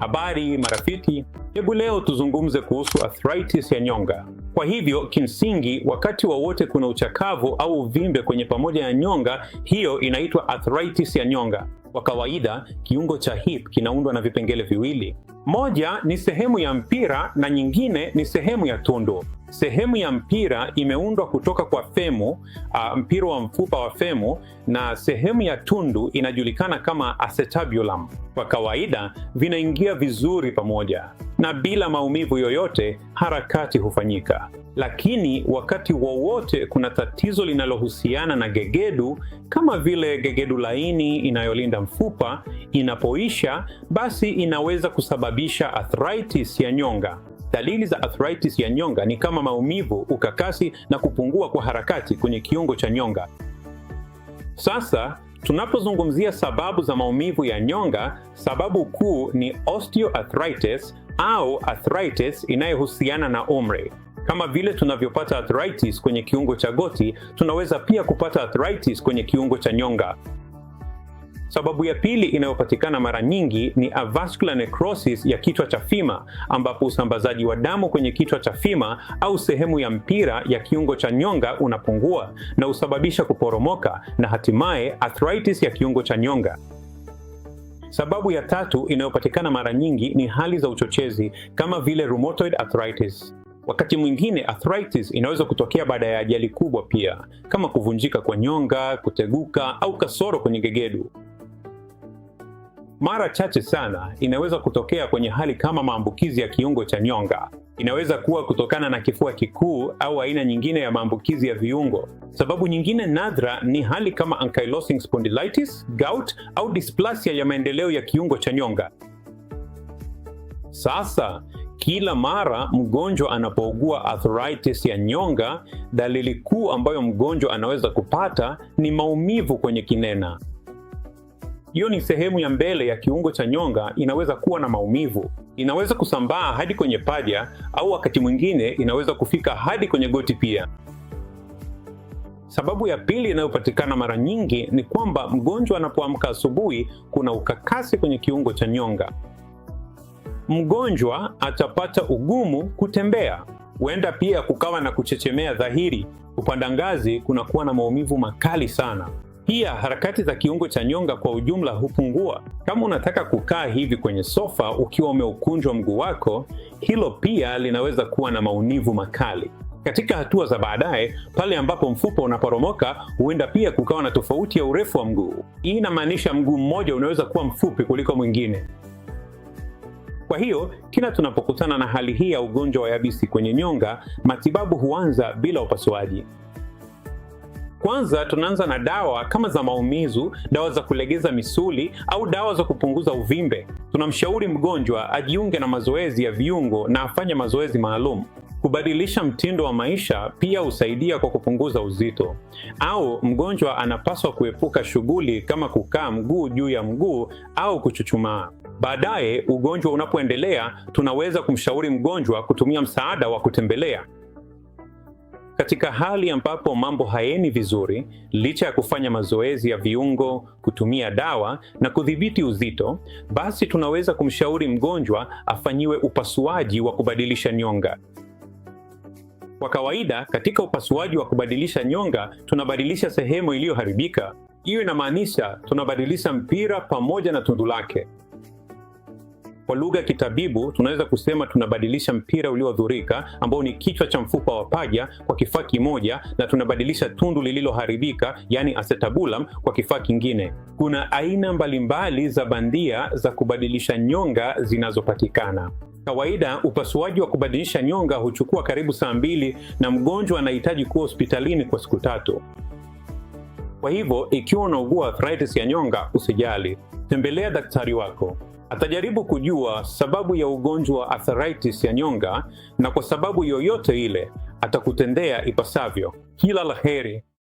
Habari marafiki, hebu leo tuzungumze kuhusu arthritis ya nyonga. Kwa hivyo kimsingi, wakati wowote wa kuna uchakavu au uvimbe kwenye pamoja ya nyonga, hiyo inaitwa arthritis ya nyonga. Kwa kawaida kiungo cha hip kinaundwa na vipengele viwili, moja ni sehemu ya mpira na nyingine ni sehemu ya tundu. Sehemu ya mpira imeundwa kutoka kwa femu, uh, mpira wa mfupa wa femu na sehemu ya tundu inajulikana kama acetabulum. Kwa kawaida vinaingia vizuri pamoja na bila maumivu yoyote harakati hufanyika, lakini wakati wowote kuna tatizo linalohusiana na gegedu, kama vile gegedu laini inayolinda mfupa inapoisha, basi inaweza kusababisha arthritis ya nyonga. Dalili za arthritis ya nyonga ni kama maumivu, ukakasi na kupungua kwa harakati kwenye kiungo cha nyonga. Sasa tunapozungumzia sababu za maumivu ya nyonga, sababu kuu ni osteoarthritis au arthritis inayohusiana na umri. Kama vile tunavyopata arthritis kwenye kiungo cha goti, tunaweza pia kupata arthritis kwenye kiungo cha nyonga. Sababu ya pili inayopatikana mara nyingi ni avascular necrosis ya kichwa cha fima, ambapo usambazaji wa damu kwenye kichwa cha fima au sehemu ya mpira ya kiungo cha nyonga unapungua na husababisha kuporomoka na hatimaye arthritis ya kiungo cha nyonga. Sababu ya tatu inayopatikana mara nyingi ni hali za uchochezi kama vile rheumatoid arthritis. Wakati mwingine arthritis inaweza kutokea baada ya ajali kubwa pia, kama kuvunjika kwa nyonga, kuteguka au kasoro kwenye gegedu. Mara chache sana inaweza kutokea kwenye hali kama maambukizi ya kiungo cha nyonga. Inaweza kuwa kutokana na kifua kikuu au aina nyingine ya maambukizi ya viungo. Sababu nyingine nadra ni hali kama ankylosing spondylitis, gout au dysplasia ya maendeleo ya kiungo cha nyonga. Sasa kila mara mgonjwa anapougua arthritis ya nyonga, dalili kuu ambayo mgonjwa anaweza kupata ni maumivu kwenye kinena. Hiyo ni sehemu ya mbele ya kiungo cha nyonga inaweza kuwa na maumivu, inaweza kusambaa hadi kwenye paja au wakati mwingine inaweza kufika hadi kwenye goti pia. Sababu ya pili inayopatikana mara nyingi ni kwamba mgonjwa anapoamka asubuhi, kuna ukakasi kwenye kiungo cha nyonga. Mgonjwa atapata ugumu kutembea, huenda pia kukawa na kuchechemea dhahiri. Kupanda ngazi kunakuwa na maumivu makali sana. Pia harakati za kiungo cha nyonga kwa ujumla hupungua. Kama unataka kukaa hivi kwenye sofa ukiwa umeukunjwa mguu wako, hilo pia linaweza kuwa na maumivu makali. Katika hatua za baadaye, pale ambapo mfupa unaporomoka, huenda pia kukawa na tofauti ya urefu wa mguu. Hii inamaanisha mguu mmoja unaweza kuwa mfupi kuliko mwingine. Kwa hiyo kila tunapokutana na hali hii ya ugonjwa wa yabisi kwenye nyonga, matibabu huanza bila upasuaji. Kwanza tunaanza na dawa kama za maumizu dawa za kulegeza misuli au dawa za kupunguza uvimbe. Tunamshauri mgonjwa ajiunge na mazoezi ya viungo na afanye mazoezi maalum. Kubadilisha mtindo wa maisha pia husaidia kwa kupunguza uzito. Au mgonjwa anapaswa kuepuka shughuli kama kukaa mguu juu ya mguu au kuchuchumaa. Baadaye ugonjwa unapoendelea, tunaweza kumshauri mgonjwa kutumia msaada wa kutembelea. Katika hali ambapo mambo hayaendi vizuri, licha ya kufanya mazoezi ya viungo, kutumia dawa na kudhibiti uzito, basi tunaweza kumshauri mgonjwa afanyiwe upasuaji wa kubadilisha nyonga. Kwa kawaida, katika upasuaji wa kubadilisha nyonga tunabadilisha sehemu iliyoharibika. Hiyo inamaanisha tunabadilisha mpira pamoja na tundu lake. Kwa lugha ya kitabibu tunaweza kusema tunabadilisha mpira uliodhurika ambao ni kichwa cha mfupa wa paja kwa kifaa kimoja, na tunabadilisha tundu lililoharibika yaani acetabulum kwa kifaa kingine. Kuna aina mbalimbali za bandia za kubadilisha nyonga zinazopatikana. Kawaida upasuaji wa kubadilisha nyonga huchukua karibu saa mbili na mgonjwa anahitaji kuwa hospitalini kwa siku tatu. Kwa hivyo ikiwa unaugua arthritis ya nyonga, usijali, tembelea daktari wako. Atajaribu kujua sababu ya ugonjwa wa arthritis ya nyonga, na kwa sababu yoyote ile atakutendea ipasavyo. Kila laheri.